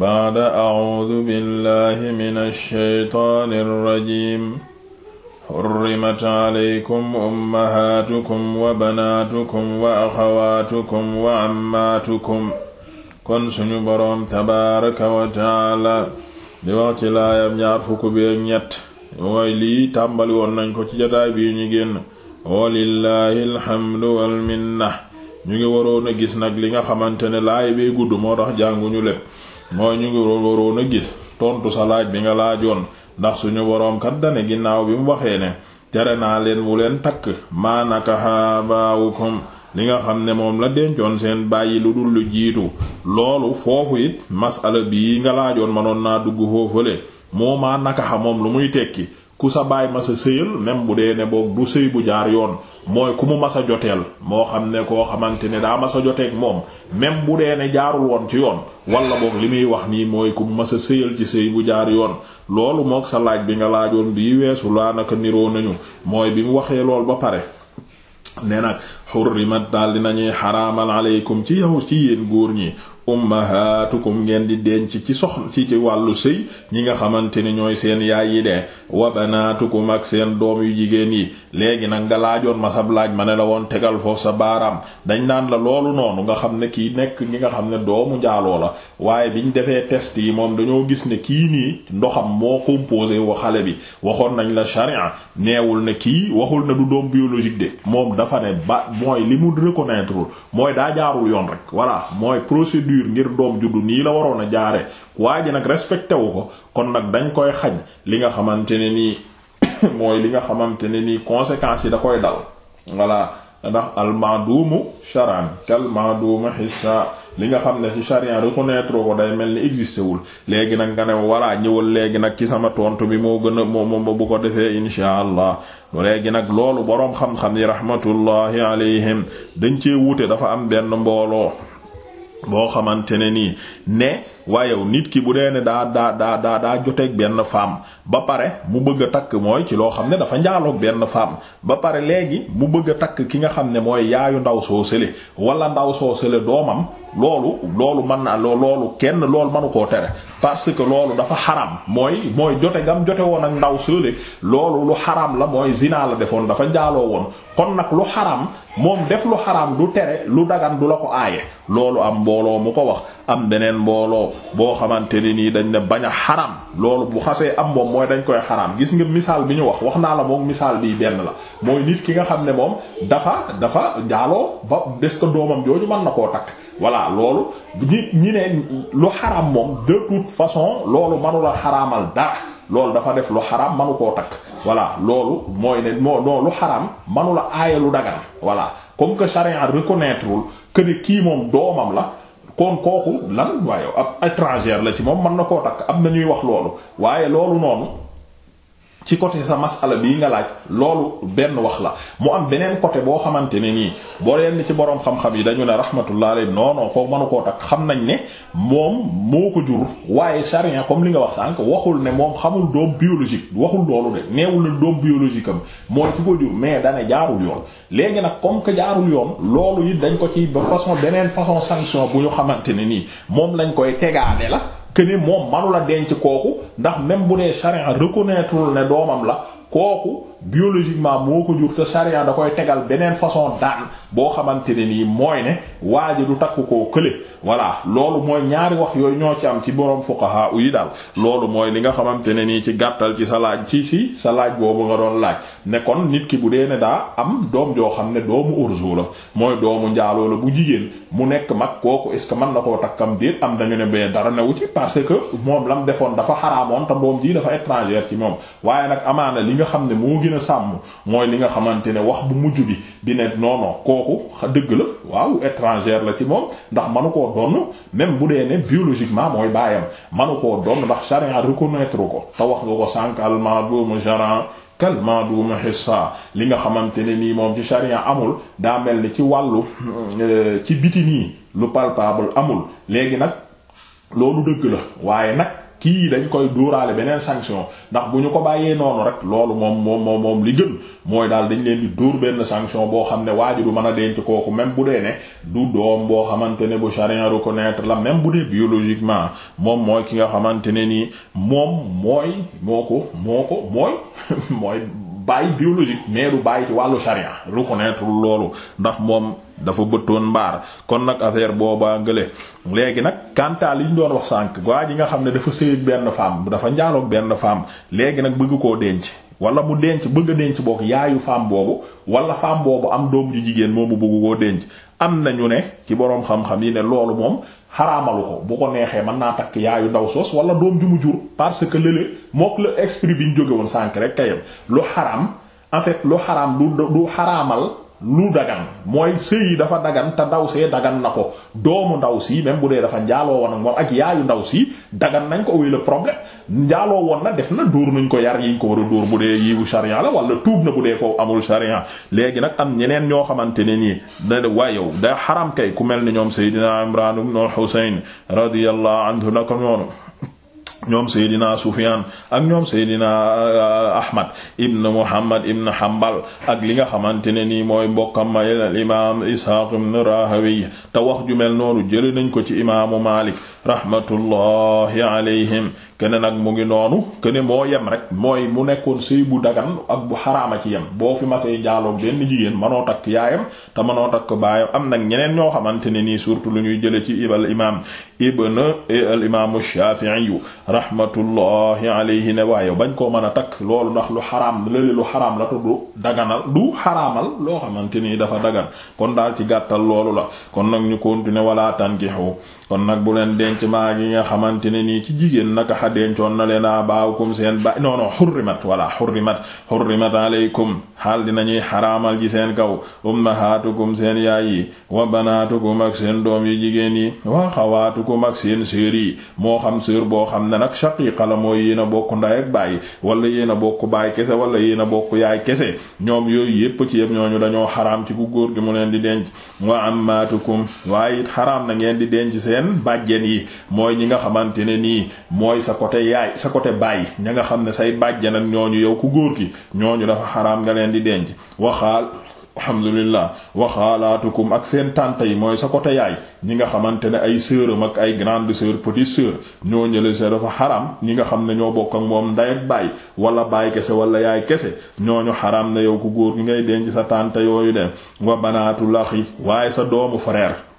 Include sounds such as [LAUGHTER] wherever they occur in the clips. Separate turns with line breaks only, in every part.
baada acuudu billahi min alshaytaani alrajim xurrimat calaykum ummahaatukum wa banaatukum wa axawaatukum wa ammaatukum kon suñu boroom tabaaraka wa taala di wax ci laayam ñaar fukk bi ak ñett mooy lii tàmbali woon nañ ko ci jotaay bii ñu génn walillahi alhamdu walminna ñu ngi waroon a gis nag li nga xamante ne laay bee gudd moo tax jànguñu lépp mooy ñu ngi waroon a gis tontu sa laaj bi nga laajoon ndax suñu boroom kat dane ginnaaw bi mu waxee ne tere naa leen mu leen takk maanaka habaawukum li nga xam ne moom la dencoon seen bàyyi lu dul lu jiitu loolu foofu it masala bii nga laajoon manoon naa dugg foofale moo maa nakaxa moom lu muy tekki ku sa baay masa sëyal même bu dee ne boog du sëy bu jaar yoon mooy ku mu masa joteel moo xam ne koo xamante ne daa masa joteeg moom même bu dee ne jaarul woon ci yoon wala boog li muy wax nii mooy ku mu masa sëyal ci sëy bu jaar yoon loolu mook sa laaj bi nga laajoon bii weesu laa naka niroo nañu mooy bi mu waxee lool ba pare ne nag xurrimat daal dinañuy xaraamal aleykum ci yow ci yéen góor ñi ummahatukum ngeen di denc ci soxna ci ci wàllu sëy ñi nga xamante ni ñooy seen yaay yi de wa banatukum ak seen doom yu jigéen yi léegi nag nga ma sab laaj ma ne la woon tegal foofu sa baaraam dañ naan la loolu noonu nga xam ne kii nekk ngi nga xam ne doomu njaaloo la waaye biñ defee test yi moom dañoo gis ne kii nii ndoxam moo composé wa xale bi waxoon nañ la charia neewul ne kii waxul ne du biologique de moom dafa ne ba mooy li mu reconnaître mooy daa jaarul yoon rek voilà mooy procédure ngir doom juddu nii la waroon a jaare waa ji nag respecté wu ko kon nag dañ koy xaj li nga xamante ne nii [COUGHS] mooy li nga xamante ne nii conséquences yi da koy dal voilà ndax almaduumu charan kalmaduumu xissa li nga xam ne ci charia reconnaître ko day mel ni existé wul léegi nag nga ne walla ñëwal léegi nag ci sama tontu bi moo gën a moo bu ko defee insha allah léegi nag loolu boroom xam-xam yi rahmatullahi alayhim dañ ci wuute dafa am benn mbooloo boo xamante ne nii ne waaye nit ki bu dee ne daa daa daa daa daa joteeg benn femme ba pare mu bëgg a takk mooy ci loo xam ne dafa njaaloog benn femme ba pare léegi mu bëgg a takk ki nga xam ne mooy yaayu ndaw soo sële wala ndaw soo sële doomam loolu loolu mën na loolu kenn loolu mënu koo tere parce que loolu dafa xaram mooy mooy jote gam jote woon ak ndaw sële loolu lu xaram la mooy zina la defoon dafa njaaloo woon kon nag lu xaram moom def lu xaraam du tere lu dagan du la ko aaye loolu am mbooloo mu ko wax am beneen mbooloo boo xamante ni nii dañ ne bañ a xaraam loolu bu xasee am moom mooy dañ koy xaram gis nga misaal bi ñu wax wax naa la moom misaal bii benn la mooy nit ki nga xam ne moom dafa dafa njaaloo ba des ko doomam jooju man na koo takk voilà loolu ñi ñi ne lu xaraam moom de toute façon loolu mënula xaraamal dara loolu dafa def lu xaraam manu koo takk voilà loolu mooy ne moo non lu xaraam manu la aaya lu dagan voilà comme que charia reconnaître wul que ne kii moom doomam la kon kooku lan waaye ab étranger la ci moom mën na koo takk am na ñuy wax loolu waaye loolu noonu. ci côté sa masala bii nga laaj loolu benn wax la mu am beneen côté boo xamante ne nii boo leen ci boroom xam-xam yi dañu ne rahmatullah alayhi non non koo mënu koo takk xam nañ ne moom moo ko jur waaye charia comme li nga wax sànq waxul ne moom xamul doom biologique waxul loolu de neewul na biologique am mooy ki ko mais dana jaarul yoon léegi nag comme que jaarul yoon loolu it dañ ko ci ba façon beneen façon sanction bu ñu xamante ne nii moom lañ koy tegaade la que ne moom manula denc kooku ndax même bu dee charia reconnaître ne doomam la kooku biologiquement moo ko jur te sharia da koy tegal beneen façon daan boo xamante ne nii mooy ne waa ji du takku koo kële voilà loolu mooy ñaari wax yooyu ñoo ci am ci borom fuqaha yi daal loolu mooy li nga xamante ne nii ci gàttal ci sa laaj ci si sa laaj boobu nga doon laaj ne kon nit ki bu dee ne daa am doom joo xam ne doomu urzu la mooy doomu njaaloo la bu jigéen mu nekk mag kooku est ce que mën na koo takkam déet am dañu ne bee dara newu ci parce que moom lam defoon dafa xaraamoon te doom ji dafa étranger ci moom gën a sàmm mooy li nga xamante ne wax bu mujj bi di ne non non kooku dëgg la waaw étrangère la ci moom ndax manu koo donn même bu dee ne biologiquement mooy baayam manu koo donn ndax charia reconnaître ko te wax nga ko sànq almaa doomu jaran kalma duuma xissa li nga xamante ne nii moom ci charia amul daa mel ni ci wàllu euh, ci biti nii lu palpable amul léegi nag loolu dëgg la waaye nag kii dañ koy dóoraale beneen sanction ndax bu ñu ko bàyyee noonu rek loolu moom moom moom moom li gën mooy daal dañu leen di dóor benn sanction boo xam ne waaju du mën a denc kooku même bu dee ne du doom boo xamante ne bu charia reconnaître la même bu dee biologiquement moom mooy ki nga xamante ne nii moom mooy moo ko moo ko mooy [LAUGHS] mooy bàyyi biologique mais du bàyyi ci wàllu charia reconnaître loolu ndax moom dafa bëtoon mbaar kon nag affaire boobaa ngële léegi nag kantaa li ñu doon wax sànk waa ji nga xam ne dafa sëy ak benn femme dafa njaaloog benn femme léegi nag bëgg koo denc wala mu denc bëgg denc book yaayu femme boobu wala femme boobu am doom ju jigéen moom moomu bëgg koo denc am na ñu ne ci boroom xam-xam yi ne loolu moom xaraamalu ko bu ko neexee mën naa takk yaayu ndaw soos wala doom ju mu jur parce que lële mook la esprit bi ñu jóge woon sànk rek kayam lu xaraam en fait lu xaraam du du xaraamal lu dagan mooy sëy yi dafa dagan te ndaw see dagan na ko doomu ndaw si même bu dee dafa njaaloo woon ak moom ak yaayu ndaw si dagan nañ ko wuy le problème njaaloo woon na def na dóor nañ ko yar yiñ ko war a dóor bu dee yiwu sharia la wala tuub na bu dee foofu amul sharia léegi nag am ñeneen ñoo xamante ne nii da waay yow da xaram kay ku mel ni ñoom Seydina Imran ibn Husayn radiyallahu na ko noonu ñoom Seydina Sufyan ak ñoom Seydina euh, Ahmad ibn Muhammad ibn Hanbal ak li nga xamante ne nii mooy mbokkam ma al imaam Ishaq ibn Rahawi te wax ju mel noonu jëlee nañ ko ci imaamu Malik rahmatullahi alayhim kene nag mu ngi noonu kene moo yem rek mooy mu nekkoon sëy bu dagan ak bu xaraama ci yem boo fi masee jaaloog benn jigéen manoo takk yaayam te manoo takk baayam am nag ñeneen ñoo xamante ne nii surtout lu ñuy jële ci ibal imaam ibn al imaamu Shafi'i rahmatullahi alayhi ne waaye bañ koo man a takk loolu ndax lu xaraam la lu xaraam la te du daganal du xaraamal loo xamante ni dafa dagan kon daal ci gàttal loolu la kon nag ñu continuer wala tankixu kon nag bu leen denc maa gi nga xamante ne nii ci jigéen naka xa dencoon na leen a baawkum seen ba non non xurrimat wala xurrimat xurrimat aleykum xaal dinañuy xaraamal ci seen kaw ummahatukum seen yaay yi wa banaatukum ak seen doom yu wa xawaatukum ak seen sœur yi moo xam sœur boo xam na nag shaqiiqa la mooy yéen na bokk nday ak baay wala yéen a bokk baay kese wala yéen a bokk yaay kese ñoom yooyu yépp ci yépp ñu dañoo xaraam ci ku góor gi mu leen di denc wa ammatukum waaye it xaraam na ngeen di denc seen bàjjen yi mooy ñi nga xamante ne nii mooy sa côté yaay sa côté baay ña nga xam ne say bàjjen ñoo ñu yow ku góor gi ñooñu dafa xaraam nga leen di denc waxaal alhamdulillah wa xaalaatukum ak seen tante yi mooy sa côté yaay ñi nga xamante ne ay sœuram ak ay grande sœur petite sœur ñoo ñële sa dafa xaram ñi nga xam ne ñoo bokk ak moom nday ak baay wala baay kese wala yaay kese ñooñu xaram na yow ku góor gi ngay denc sa tante yooyu de wa banaatul axi waaye sa doomu frère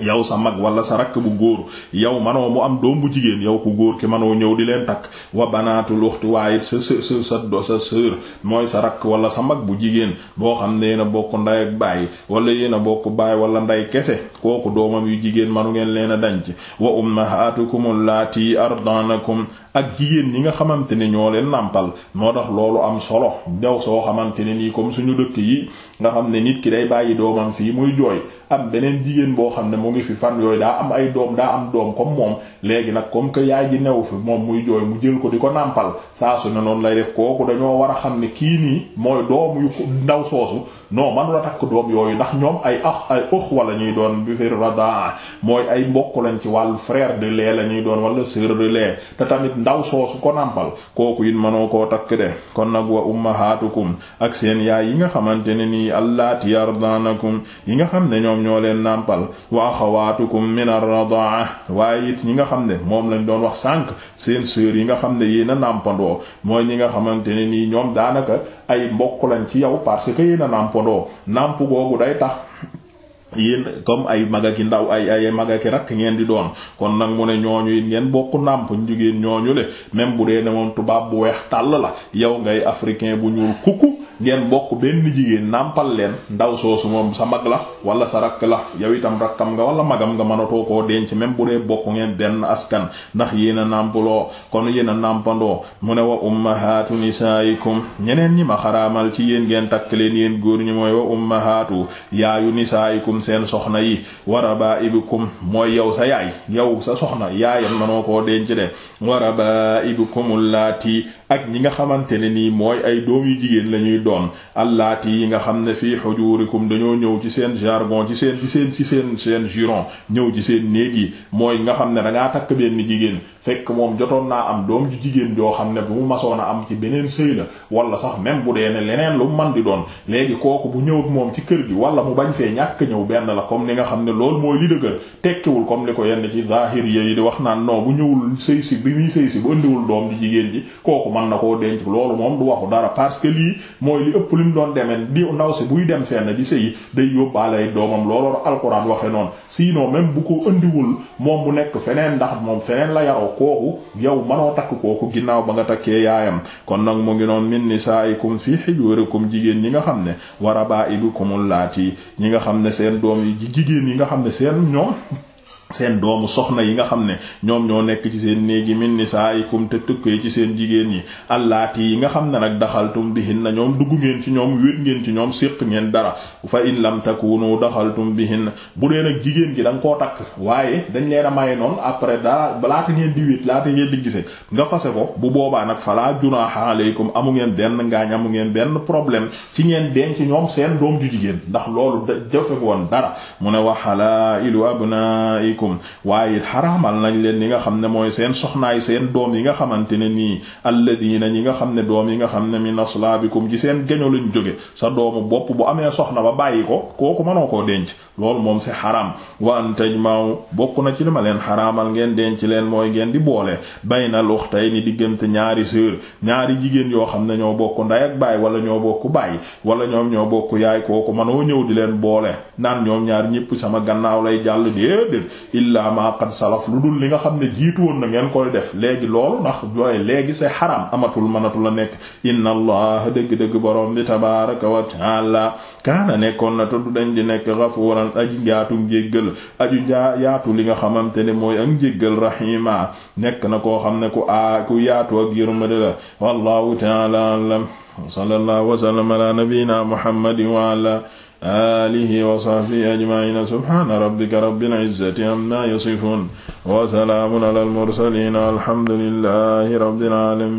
yow sa mag wala sa rakk bu góor yow manoo mu am doom bu jigéen yow ku góor ki manoo ñëw di leen takk wa banaatul uxti waaye sa sa sa sa do sa sœur mooy sa rakk wala sa mag bu jigéen boo xam ne a bokk nday ak baay wala yéen a bokk baay wala ndey kese kooku doomam yu jigéen manu ngeen leen a danc wa ummahatukum allati ardanakum ak jigéen ñi nga xamante ne ñoo leen nàmpal moo tax loolu am solo daw soo xamante ne nii comme suñu dëkk yi nga xam ne nit ki day bàyyi doomam fii muy jooy am beneen jigéen boo xam ne mu ngi fi fan yooyu daa am ay doom daa am doom comme moom léegi nag comme que yaay ji newu fi moom muy jooy mu jël ko di ko nàmpal saa su ne noonu lay def kooku dañoo war a xam ne kii nii mooy doom yu ndaw soosu non man la takk doom yooyu ndax ñoom ay ax ay ox wala ñuy doon bu fir radaa mooy ay mbokk lañ ci wàllu frère de lait la ñuy doon wala sœur de lait te tamit ndaw soosu ko nàmpal kooku it manoo koo takk de kon nag wa ummahatukum ak seen yaay yi nga xamante ne nii allati yardanakum yi nga xam ne ñoom ñoo leen nàmpal wa axawatukum min ar-radaa waaye it ñi nga xam ne moom lañ doon wax sànq seen sœur yi nga xam ne yéen a nàmpandoo mooy ñi nga xamante ne nii ñoom daanaka ay mbokk lañ ci yow parce nàmpandoo nàmp googu day tax yéen comme ay mag ak ndaw ay ay mag ak rakk ngeen di doon kon nag mu ne ñooñu ngeen bokk nàmp jigéen ñooñu le même bu dee ne moom tubaab bu weex tàll la yow ngay africain bu ñuul kukku ngeen bokk benn jigéen nàmpal leen ndaw soosu moom sa mag la wala sa rakk la yow itam rakkam nga walla magam nga mënatoo koo denc même bu dee bokk ngeen benn askan ndax yéen a nàmpaloo kon yéen a nàmpandoo mu ne wa ummahatu nisaikum ñeneen ñi ma xaraamal ci yéen ngeen takk leen yéen góor ñi mooy wa ummahatu yaayu nisaikum seen soxna yi wa rabaibukum mooy yow sa yaay yow sa soxna yaayam manoo ko denc de wa rabaibukum allati ak ñi nga xamante ne nii mooy ay doom yu jigéen la ñuy doon allaati yi nga xam ne fii xujurikum dañoo ñëw ci seen jargon ci seen ci seen ci seen seen juron ñëw ci seen néeg yi mooy nga xam ne dangaa takk benn jigéen fekk moom jotoon naa am doom jigéen joo xam ne bu mu masoon a am ci beneen sëy la wala sax même bu dee ne leneen lu man di doon léegi kooku bu ñëwut moom ci kër gi wala mu bañ fee ñàkk ñëw benn la comme ni nga xam ne loolu mooy li dëgër tekkiwul comme li ko yenn ci zahir yi di wax naan non bu ñëwul si bi muy sëy si bu ëndiwul doom jigéen ji kooku mën na koo denc loolu moom du waxu dara parce que lii mooy li ëpp lim doon demee di ndaw si buy dem fenn di sëyi day yóbbaale doomam looloo alxuraan waxe noonu sinon même bu ko ëndiwul moom bu nekk feneen ndax moom feneen la yaroo kooku yow manoo takk kooku ginnaaw ba nga takkee yaayam kon nag mu ngi noon min nisaikum fii hijurikum jigéen ñi nga xam ne warabaibukumul laati ñi nga xam ne seen doom yi jigéen yi nga xam ne seen ñoom seen doomu soxna yi nga xam ne ñoom ñoo nekk ci seen néegi min nisaa'ikum te tukkee ci seen jigéen ñi allaati yi nga xam ne nag daxaltum bihinna ñoom dugg ngeen ci ñoom wéet ngeen ci ñoom séq ngeen dara fa in lam takunu daxaltum bihinna bu dee nag jigéen gi da nga koo takk waaye dañ leen a maye noon après daa laata ngeen di wéet laata ngeen di gise nga fase ko bu boobaa nag fala junaha alaykum amu ngeen benn ngaañ amu ngeen benn problème ci ngeen denc ñoom seen doom ju jigéen ndax loolu jafewul woon dara wa halaa'ilu abnaa'ikum azwaajikum waaye xaraamal nañ leen li nga xam ne mooy seen soxnaay seen doom yi nga xamante ne nii alladiina ñi nga xam ne doom yi nga xam ne min aslaabikum ci seen geño lañ jóge sa doomu bopp bu amee soxna ba bàyyi ko kooku mënoo koo denc loolu moom c'est xaraam wa an bokk na ci li ma leen xaraamal ngeen denc leen mooy ngeen di boole baynal ukhtayni diggante ñaari sœur ñaari jigéen yoo xam ne ñoo bokk nday ak wala ñoo bokk baay wala ñoom ñoo bokk yaay kooku manoo ñëw di leen boole naan ñoom ñaar ñépp sama gannaaw lay jàll déedéet illaa ma qad salaf lu dul li nga xam ne jiitu woon na ngeen koy def léegi loolu ndax jooye léegi c'est xaraam amatul mënatu la nekk inna allah dëgg-dëgg borom bi tabaraka wa taala kaana nekkoon na tu dañ di nekk gafuuran aji jaatu jéggal aju njaa yaatu li nga xamante ne mooy ak njéggal rahima nekk na koo xam ne ku aa ku yaatu ak yërmande la wallahu taala alam wa sallallahu wa sallama ala nabiyyina alihi wa sahbihi ajma'ina subhana rabbika rabbil izzati amma yasifun wa salaamun alal mursaliin alhamdulillahi rabbil alamin